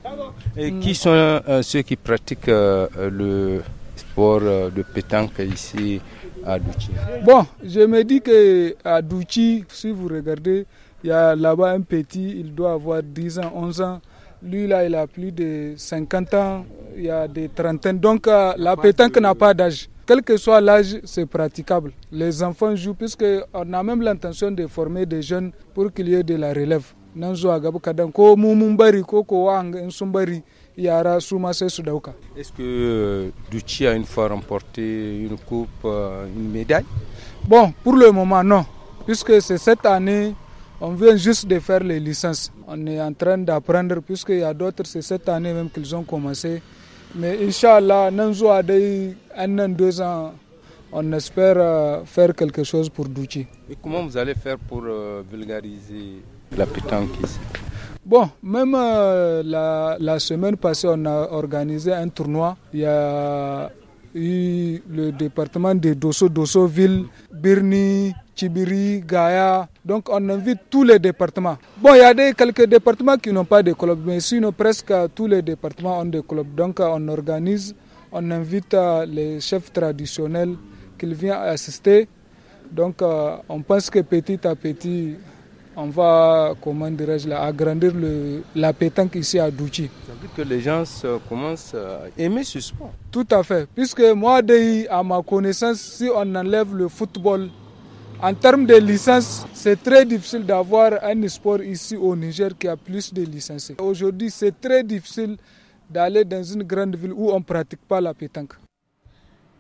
Et qui sont euh, ceux qui pratiquent euh, le sport euh, de pétanque ici à Douchi Bon, je me dis qu'à Douchi, si vous regardez, il y a là-bas un petit, il doit avoir 10 ans, 11 ans. Lui, là, il a plus de 50 ans, il y a des trentaines. Donc, euh, la pétanque n'a pas d'âge. Quel que soit l'âge, c'est praticable. Les enfants jouent, puisqu'on a même l'intention de former des jeunes pour qu'il y ait de la relève. Est-ce que euh, a une fois remporté une coupe, euh, une médaille Bon, pour le moment non, puisque c'est cette année on vient juste de faire les licences. On est en train d'apprendre puisqu'il y a d'autres, c'est cette année même qu'ils ont commencé. Mais Inch'Allah, un an, deux ans, on espère euh, faire quelque chose pour Douchi. Et comment vous allez faire pour euh, vulgariser la pétanque ici Bon, même euh, la, semaine passée, on a organisé un tournoi. Il y a eu le département de Dosso, Dosso Ville, Birni, Tibiri, Gaïa. Donc on invite tous les départements. Bon, il y a des, quelques départements qui n'ont pas de club, mais sinon presque tous les départements ont des clubs. Donc on organise, on invite euh, les chefs traditionnels qu'ils viennent assister. Donc euh, on pense que petit à petit, on va, comment dirais-je, agrandir le, la pétanque ici à Douchi. Ça veut dire que les gens euh, commencent à aimer ce sport. Tout à fait, puisque moi, à ma connaissance, si on enlève le football, en termes de licences, c'est très difficile d'avoir un sport ici au Niger qui a plus de licenciés. Aujourd'hui, c'est très difficile d'aller dans une grande ville où on ne pratique pas la pétanque.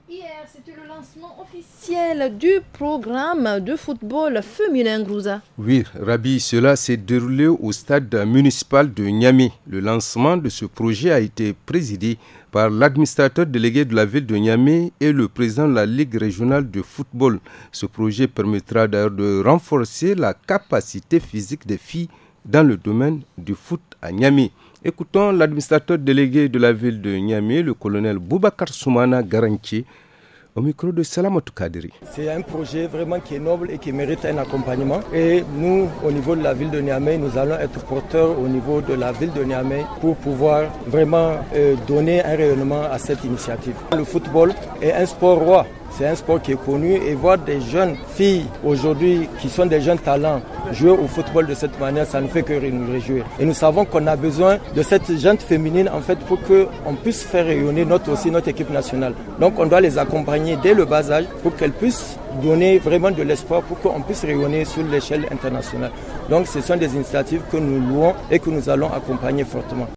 Hier, c'était le lancement officiel du programme de football féminin Grouza. Oui, Rabi, cela s'est déroulé au stade municipal de Niamey. Le lancement de ce projet a été présidé par l'administrateur délégué de la ville de Niamey et le président de la Ligue régionale de football. Ce projet permettra d'ailleurs de renforcer la capacité physique des filles dans le domaine du foot à Niamey. Écoutons l'administrateur délégué de la ville de Niamey, le colonel Boubacar Soumana Garantier, au micro de Kadiri. C'est un projet vraiment qui est noble et qui mérite un accompagnement. Et nous, au niveau de la ville de Niamey, nous allons être porteurs au niveau de la ville de Niamey pour pouvoir vraiment euh, donner un rayonnement à cette initiative. Le football est un sport roi c'est un sport qui est connu et voir des jeunes filles aujourd'hui qui sont des jeunes talents jouer au football de cette manière, ça ne fait que nous réjouir. Et nous savons qu'on a besoin de cette gente féminine en fait pour qu'on puisse faire rayonner notre, aussi notre équipe nationale. Donc on doit les accompagner dès le bas âge pour qu'elles puissent donner vraiment de l'espoir pour qu'on puisse rayonner sur l'échelle internationale. Donc ce sont des initiatives que nous louons et que nous allons accompagner fortement.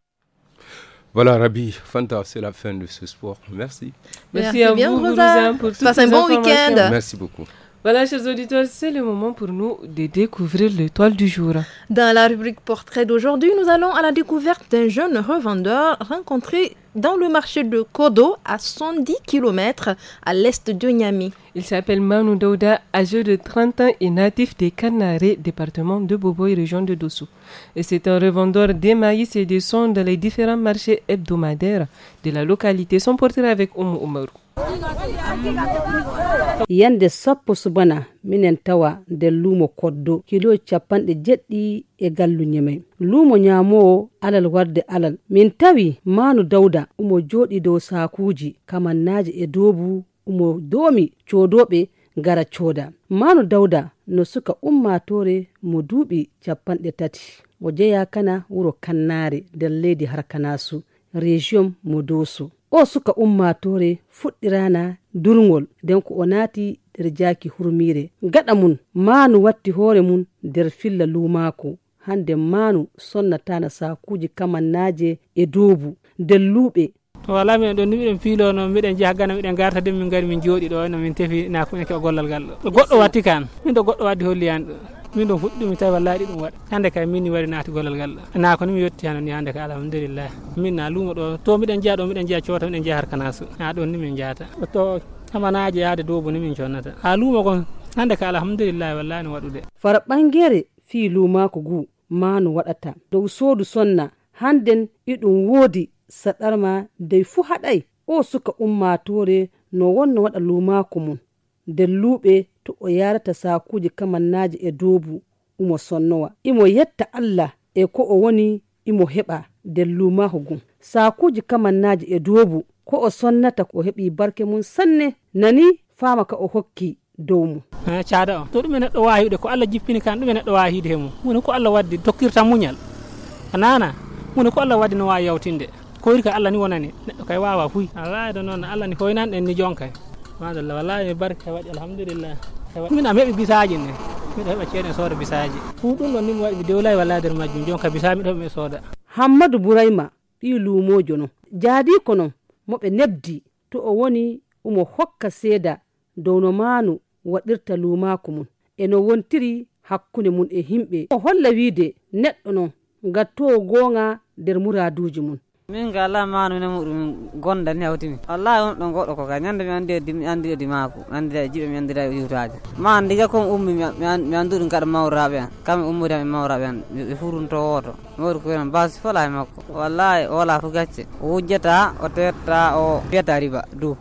Voilà, Rabi, Fanta, c'est la fin de ce sport. Merci. Merci, à vous, Rosa. pour Passe un bon week-end. Merci beaucoup. Voilà, chers auditeurs, c'est le moment pour nous de découvrir l'étoile du jour. Dans la rubrique portrait d'aujourd'hui, nous allons à la découverte d'un jeune revendeur rencontré dans le marché de Kodo, à 110 km à l'est de Niamey. Il s'appelle Manu Douda, âgé de 30 ans et natif des Canarés, département de Bobo et région de Dossou. Et c'est un revendeur des maïs et des sons dans les différents marchés hebdomadaires de la localité. Son porter avec Oumu yande sappo bana minen tawa nder luumo koddo kilo capanɗe jeɗɗi e gallu ñeme luumo ñamowo alal warde alal min tawi manu dawda omo jodi dow sakuji kamannaji e dobu omo domi codoɓe gara cooda manu dawda no suka ummatore mo duuɓi capanɗe tati o jeya kana wuro kannare nder leydi harkanasu région mo o suka ummatore fuɗɗirana durgol nden ko o naati nder jaaki hurmire gaɗa mum manu watti hoore mum nder filla lumaako hande manu sonnatana sakuji kamannaje e doobu nder luuɓe to wala miɗen ɗon ni miɗen piilono miɗen jaha gana miɗen garta de min gari min jooɗi ɗo no min tefi nakumen keɓa gollal ngal ɗo goɗɗo watti kan min ɗo goɗɗo waddi holliyani ɗo min ɗon fuɗɗumi tawi wallahi ɗum waɗa hande kay min waɗi naati gollal ngal na ko ni mi yetti hanoni hande ka alhamdulillah min na luumo ɗo to miɗen jeeya ɗo miɗen jeeya coota miɗen jeeya har kanasu ha ɗon ni min jeyata to hamanaji yaade dow bo ni min connata ha luumo kon hande ka alhamdulillah wallahi no waɗude fara ɓangere fi luumako gu ma no waɗata dow soodu sonna hannden iɗum woodi saɗarma dey fuu haɗay o suka ummatore no wonno waɗa luumako mum nder luuɓe to o yarata sakuji kamannaji e doobu imo sonnowa imo yetta allah e ko o woni imo heba nder lumahu gum sakuji kamannaji e doobu ko o sonnata ko heɓi barke sanne nani fama ka o hokki dow mum caada to ɗum e neɗɗo wawiɗe ko allah jippini kan ɗum e neɗɗo wawide he ko allah wadde a ko allah no wawi ko ni wonani kay wawa allah madalla wallahi barka waɗi alhamdulillah a meɓi bisaji ne miɗo heɓa ceeɗen sooda bisaji fuu ɗum ɗon nimi waɗi mi dewlayi walla nder majjum jon ka bisa miɗo heɓa mi e sooda hammadou bourayma ɓi luumojo non jaadi ko non moɓe nebdi to o woni omo hokka seeda dow no maano waɗirta luumaako mum e no wontiri hakkunde mum e himɓe o holla wiide neɗɗo non ngattowo goonga nder muraduuji mum min ga Allah maano min muɗum gonda ni hawtimi wallahi on ɗon goɗɗo ko ñande mi andi e mi andiri e di maako mi andira e jiɓe mi andira e yiwtaaje ma andiga kon ummi mi andu ɗum kaɗa mawraɓe an kamɓe ummori mi mawraɓe an ɓe furunto woto mawri ko enen basi fola e makko wallahi o wala fo gacce o wujjata o tetta o fiyata riba du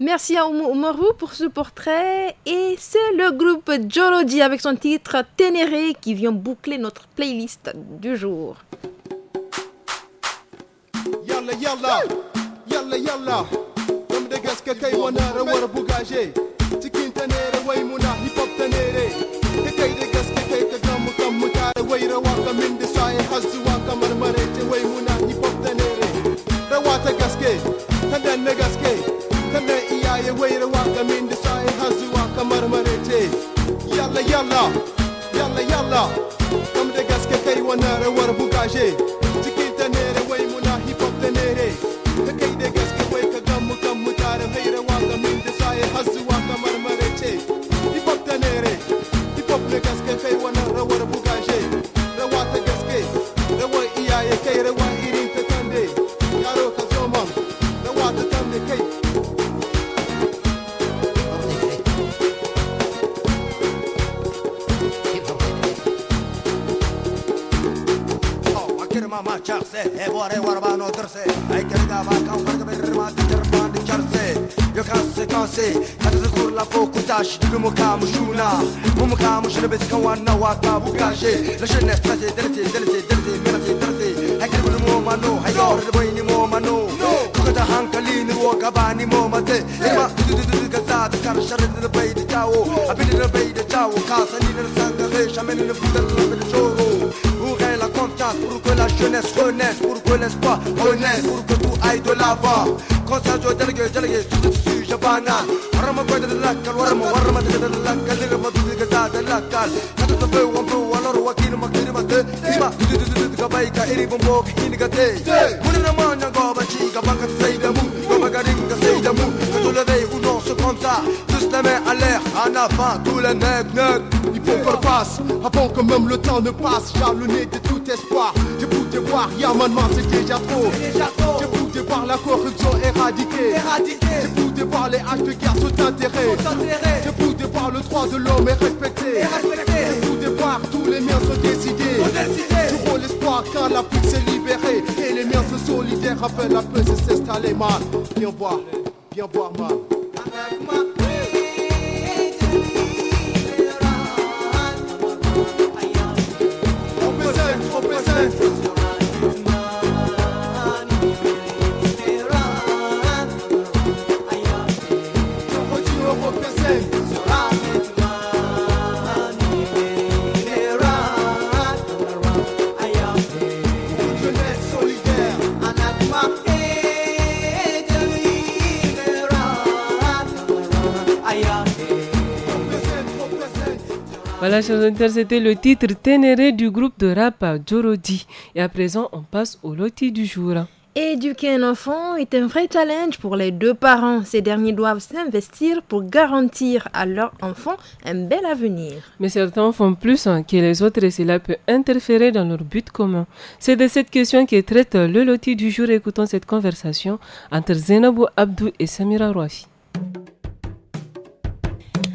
Merci à Omaru pour ce portrait. Et c'est le groupe Jolodi avec son titre Ténéré qui vient boucler notre playlist du jour. Yalla yalla, yalla yalla, dum da gaske kai wani rawar bugaje, Tikin ténéré, wai mouna, hip hop tanere, ka kai da gaske kai ka gamu kan mu tare wai rawa kamin da saye har zuwa kamar marece wai mouna, hip hop ténéré. rawa gaske, ta gaske, kalle iyaye wayar waka min sai hazu waka marmare ce yalla yalla yalla yalla kam da gaske kai wannan rawar bugashe cikin ta wai muna hip hop da ne re ka kai da gaske wai ka ga mu kan mu tare mai sai hazu waka marmare ce hip hop da ne hip hop da gaske kai چخسه هواره وربانو درسه ای کردا با کام برگ بر ما تجربان چرسه یو کاسه کاسه کاسه زکور لا پوکو تاش دیگه مو کامو شونا مو مو کامو شنه بس کن وانا واقع بو کاشه لشن نفسه درسه درسه درسه مرسه درسه هکر بل مو منو هیار بینی مو منو كده هنكلين وكباني مو متي إما كذا ذكر شرد البيد تاو أبين البيد تاو كاسني نرسان غيش أمين نفوت الرب الشورو taf pour que la jeunesse renaisse, pour que l'espoir renaisse, pour que tout aille de l'avant. Quand ça joue délégué, délégué, sur ce sujet banal. Warama gwede de lakal, warama warama de de lakal, de ma de za de lakal. Kata de beu wambu, walor wakini makini mate, ima dudu dudu dudu ka baika iri bumbo ki ini gate. Muni na manya go bachi ka bakat sai da mu, magari ka sai da ça, tous les mains à l'air, en avant, tous les nègres, nègres. Il faut qu'on passe, avant que même le temps ne passe, nez de tout espoir. J'ai voulu voir, Yaman, c'est déjà trop. J'ai voulu voir la corruption éradiquée. J'ai voulu voir les haches de guerre sont enterrées. J'ai voulu voir le droit de l'homme est respecté. J'ai voulu voir tous les miens sont décidés. Toujours l'espoir quand la pluie s'est libérée. Et les miens se solidaires après la paix s'est installée, mal, Viens voir, viens voir, mal Open, open, open. Voilà, chers auditeurs, c'était le titre Ténéré du groupe de rap Jorodi. Et à présent, on passe au loti du jour. Éduquer un enfant est un vrai challenge pour les deux parents. Ces derniers doivent s'investir pour garantir à leur enfant un bel avenir. Mais certains font plus hein, que les autres et cela peut interférer dans leur but commun. C'est de cette question que traite le loti du jour. Écoutons cette conversation entre Zenobo Abdou et Samira Rouafi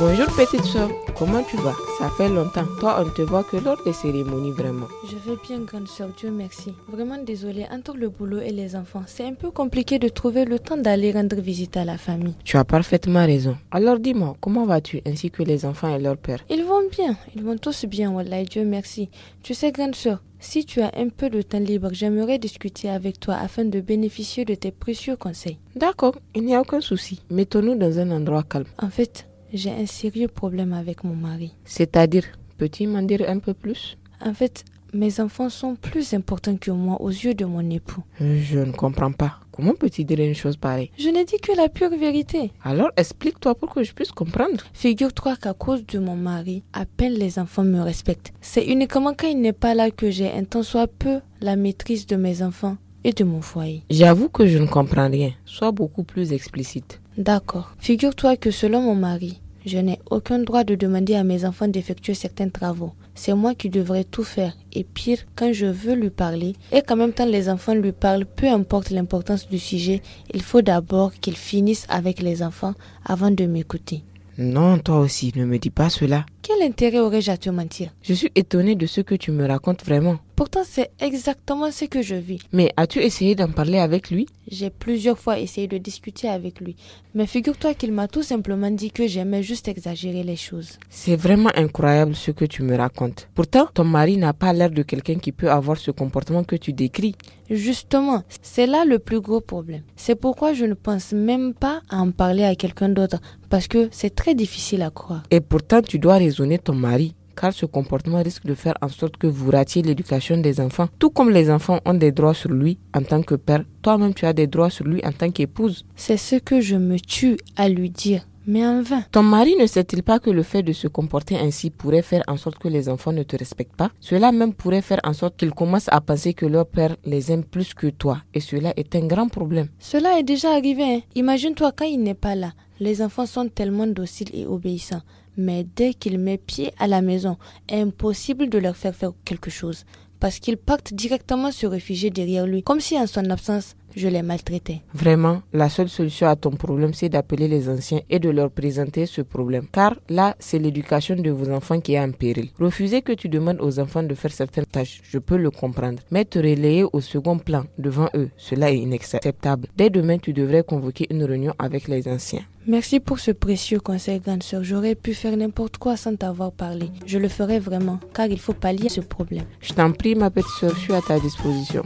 Bonjour petite soeur, comment tu vas Ça fait longtemps, toi on ne te voit que lors des cérémonies vraiment. Je vais bien grande soeur, Dieu merci. Vraiment désolée, entre le boulot et les enfants, c'est un peu compliqué de trouver le temps d'aller rendre visite à la famille. Tu as parfaitement raison. Alors dis-moi, comment vas-tu ainsi que les enfants et leur père Ils vont bien, ils vont tous bien, Wallah, Dieu merci. Tu sais grande soeur, si tu as un peu de temps libre, j'aimerais discuter avec toi afin de bénéficier de tes précieux conseils. D'accord, il n'y a aucun souci. Mettons-nous dans un endroit calme. En fait, j'ai un sérieux problème avec mon mari. C'est-à-dire, peux-tu m'en dire un peu plus En fait, mes enfants sont plus importants que moi aux yeux de mon époux. Je ne comprends pas. Comment peux-tu dire une chose pareille Je n'ai dit que la pure vérité. Alors explique-toi pour que je puisse comprendre. Figure-toi qu'à cause de mon mari, à peine les enfants me respectent. C'est uniquement quand il n'est pas là que j'ai un tant soit peu la maîtrise de mes enfants et de mon foyer. J'avoue que je ne comprends rien. Sois beaucoup plus explicite. D'accord. Figure-toi que selon mon mari, je n'ai aucun droit de demander à mes enfants d'effectuer certains travaux. C'est moi qui devrais tout faire. Et pire, quand je veux lui parler, et qu'en même temps les enfants lui parlent, peu importe l'importance du sujet, il faut d'abord qu'ils finissent avec les enfants avant de m'écouter. Non, toi aussi, ne me dis pas cela. Quel intérêt aurais-je à te mentir Je suis étonnée de ce que tu me racontes vraiment. Pourtant, c'est exactement ce que je vis. Mais as-tu essayé d'en parler avec lui J'ai plusieurs fois essayé de discuter avec lui. Mais figure-toi qu'il m'a tout simplement dit que j'aimais juste exagérer les choses. C'est vraiment incroyable ce que tu me racontes. Pourtant, ton mari n'a pas l'air de quelqu'un qui peut avoir ce comportement que tu décris. Justement, c'est là le plus gros problème. C'est pourquoi je ne pense même pas à en parler à quelqu'un d'autre, parce que c'est très difficile à croire. Et pourtant, tu dois raisonner ton mari car ce comportement risque de faire en sorte que vous ratiez l'éducation des enfants. Tout comme les enfants ont des droits sur lui en tant que père, toi-même tu as des droits sur lui en tant qu'épouse. C'est ce que je me tue à lui dire. Mais en vain. Ton mari ne sait-il pas que le fait de se comporter ainsi pourrait faire en sorte que les enfants ne te respectent pas Cela même pourrait faire en sorte qu'ils commencent à penser que leur père les aime plus que toi. Et cela est un grand problème. Cela est déjà arrivé. Hein. Imagine-toi quand il n'est pas là. Les enfants sont tellement dociles et obéissants. Mais dès qu'il met pied à la maison, impossible de leur faire faire quelque chose, parce qu'ils partent directement se réfugier derrière lui, comme si en son absence, je l'ai maltraité. Vraiment, la seule solution à ton problème, c'est d'appeler les anciens et de leur présenter ce problème. Car là, c'est l'éducation de vos enfants qui est en péril. Refuser que tu demandes aux enfants de faire certaines tâches, je peux le comprendre. Mais te relayer au second plan devant eux, cela est inacceptable. Dès demain, tu devrais convoquer une réunion avec les anciens. Merci pour ce précieux conseil, grande soeur. J'aurais pu faire n'importe quoi sans t'avoir parlé. Je le ferai vraiment, car il faut pallier ce problème. Je t'en prie, ma petite sœur, je suis à ta disposition.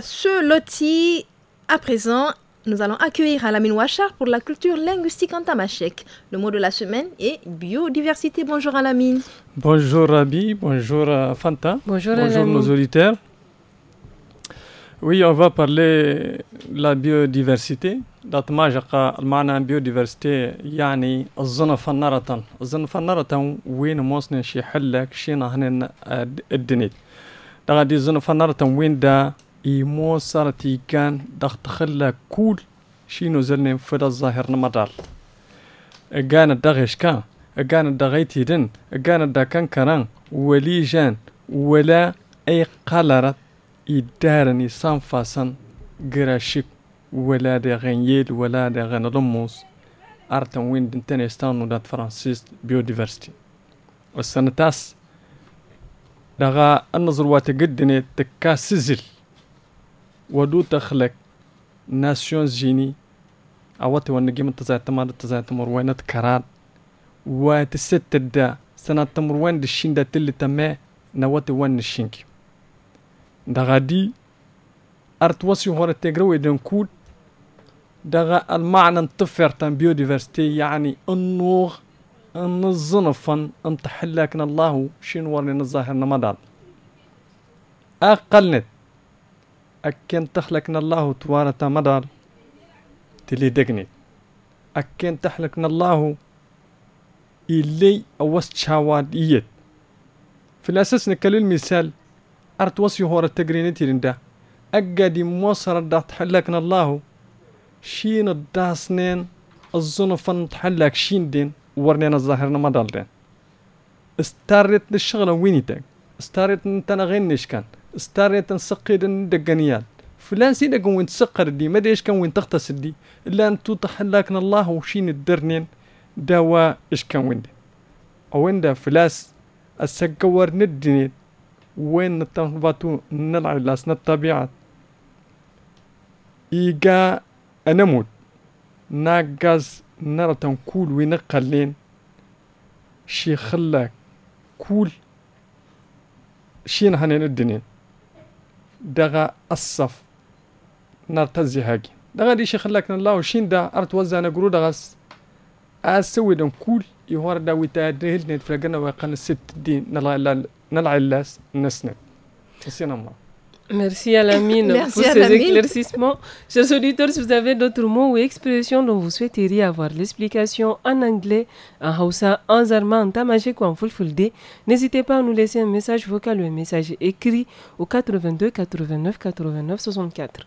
ce loti, à présent, nous allons accueillir Alamine Ouachar pour la culture linguistique en tamashek. Le mot de la semaine est biodiversité. Bonjour Alamine. Bonjour Rabi, bonjour Fanta. Bonjour, bonjour nos auditeurs. Oui, on va parler de la biodiversité. داتما جقا biodiversité, yani يعني الزنا Zone الزنا فنارة وين موصني شي حلك la نهن الدنيا دغادي الزنا فنارة la دا إيمو صارت كان ضغط خلا كول شي نزلني في الظاهر نمدال كان الدغش كان كان الدغيتي دن كان الدا كان كران ولي جان ولا أي قلرة يدارني سانفاسن غراشيك ولا دغنيل ولا دغن رموز أرتن وين دنتنستان ودات فرانسيس بيوديفرستي والسنة تاس دغا النظر واتقدني تكاسزل ودو تخلق ناسيون جيني أواتي ونجي من تزاي تمر تزاي تمر وينت كراد وتست دا سنة تمر وين دشين دا تلي تما نواتي وين نشينكي دا غادي أرتوسي هورا تجرو إدن كود دا المعنى نطفر تن ديفرستي يعني النور نظنفن انتحلكن الله شنو ورني نظاهر نمضان أقلنت أكن تخلقنا الله توارة مدار تلي دقني أكن تخلقنا الله إلي أوست شاواد إيت في الأساس نكلل مثال أرت وصي هور التقرينتي لندا دي موصر دا تحلقنا الله شين الداسنين الظنفن تحلق شين دين ورنين الظاهرنا مدار دين استاريت للشغلة وينيتك استارت انت نغنيش كان ستاري تنسقي دقنيال فلان سيدا كون وين تسقر دي ما ايش كان وين تغتسل دي الا ان توطح لكن الله وشين الدرنين داوا اش كان وين إن دا فلاس السقور ندني وين نتنبطو نلعب لاسنا الطبيعة إيقا أنمود ناقاز نرى تنكول وينقلين شي خلاك كول شين هنين ندنين دغا الصف نرتزي هاجي دغا دي شيخ لكن الله شين دا ارت وزانا قرو دغس اسوي دن كول يهور دا ويتا دهل نت فلقنا ويقن ست دين نلع اللاس نسنت نسينا الله Merci à la mine [LAUGHS] pour ces éclaircissements. Chers auditeurs, si vous avez d'autres mots ou expressions dont vous souhaiteriez avoir l'explication en anglais, en hausa, en zarma, en tamajek ou en fulfulde, n'hésitez pas à nous laisser un message vocal ou un message écrit au 82 89 89 64.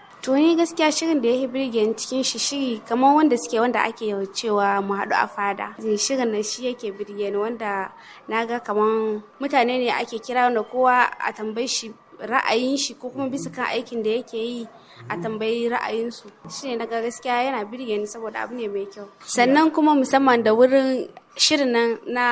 to ni gaskiya shirin da ya yi birgen cikin shi shiri kamar wanda suke wanda ake cewa mu haɗu a fada shirin na shi yake birgen wanda na ga kamar mutane ne ake kira wanda kowa a tambayi shi ra'ayin shi ko kuma bisa kan aikin da yake yi a tambayi ra'ayinsu shi ne ga gaskiya yana birge ni saboda abu ne mai kyau sannan kuma musamman da wurin shirin nan na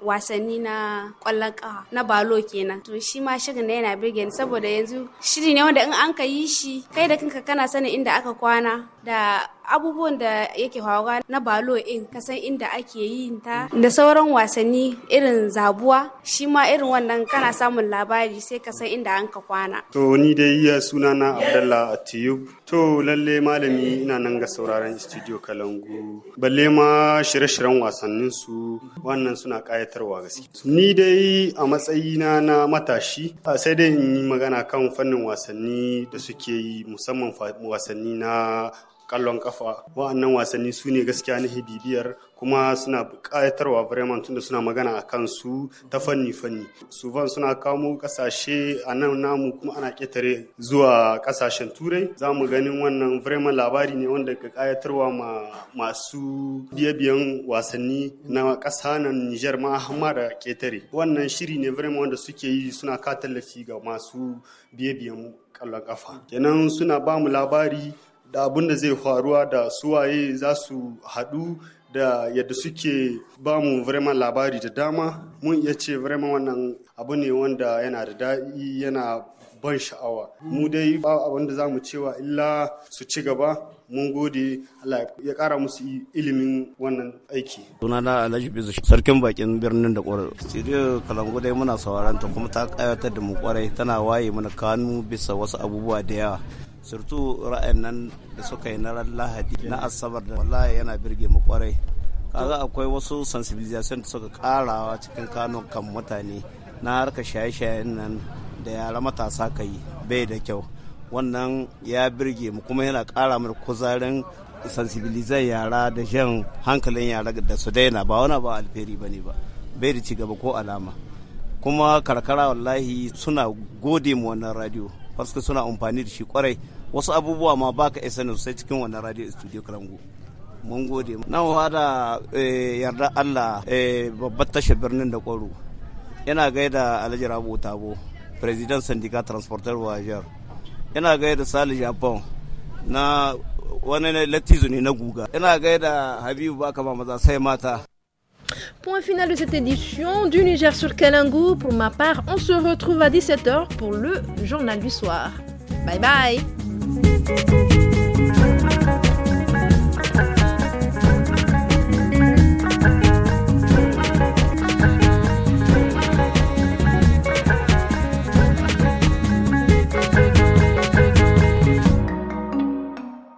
wasanni na kwallon kawa na balo kenan to shi ma shirin na yana birge ni saboda yanzu shiri ne wanda in an ka yi shi kai da kanka kana sanin inda aka kwana da abubuwan da yake hawa na balo in kasan inda ake yin ta da sauran wasanni irin zabuwa shi ma irin wannan kana samun labari sai kasan inda an ka kwana to ni dai iya suna na abdallah atiyub to lalle malami ina nan ga sauraron studio kalangu balle ma shirye-shiryen wasannin su wannan suna kayatarwa gaske ni dai a matsayina na matashi sai dai in yi magana kan fannin wasanni da suke yi musamman wasanni na kallon kafa wa'annan wasanni su ne gaskiya na bibiyar kuma suna bukatarwa bremen tunda suna magana a kansu ta fanni-fanni van suna kamo kasashe a nan namu kuma ana ketare zuwa ƙasashen turai za mu ganin wannan bremen labari ne wanda ka kayatarwa masu biye-biyen wasanni na ƙasa nan nijar ma hama da ƙetare wannan shiri ne bremen wanda suke yi suna ka tallafi ga masu biye-biyen kallon kafa kenan suna ba mu labari da abin da zai faruwa da suwaye za su haɗu da yadda suke ba mu vraiment labari da dama mun iya ce vraiment wannan abu ne wanda yana da daɗi yana ban sha'awa mu dai ba abin da za mu cewa illa su ci gaba mun gode Allah ya kara musu ilimin wannan aiki sunana Alhaji Bizu sarkin bakin birnin da kwarar studio Kalango dai muna sauraron ta kuma ta kayatar da mu kwarai tana waye mana kanu bisa wasu abubuwa da yawa surtu ra'ayin nan da suka yi na lahadi na asabar da wallahi yana birge mu kwarai kaga akwai wasu sensibilization da suka karawa cikin kano kan mutane na harka shaye-shayen nan da yara matasa ka yi bai da kyau wannan ya birge mu kuma yana kara mana kuzarin sensibilizar yara da jan hankalin yara da su daina ba wani ba alferi ba ne ba bai da cigaba ko alama kuma karkara wallahi suna gode mu wannan radio wasu suna amfani da shi kwarai wasu abubuwa ma baka isa ne sai cikin wannan radio studio karangu mun gode na da eh, yarda Allah eh, babbar tashar birnin da kwaro yana gaida Alhaji Rabu Tabo president sandika transporter voyager yana gaida Sali Japan na wani latizo ne na guga yana gaida Habibu baka ma maza sai mata Point final de cette édition du Niger sur Kalingu. Pour ma part, on se retrouve à 17h pour le journal du soir. Bye bye